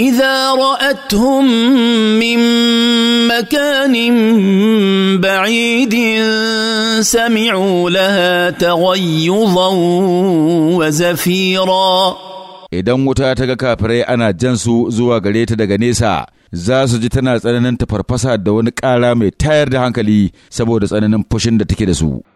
اذا راتهم من مكان بعيد سمعوا لها تغيظا وزفيرا idan wuta ta ga kafirai ana jan su zuwa gare ta daga nesa za su ji tana tsananin tafarfasa da wani ƙara mai tayar da hankali saboda tsananin fushin da take da su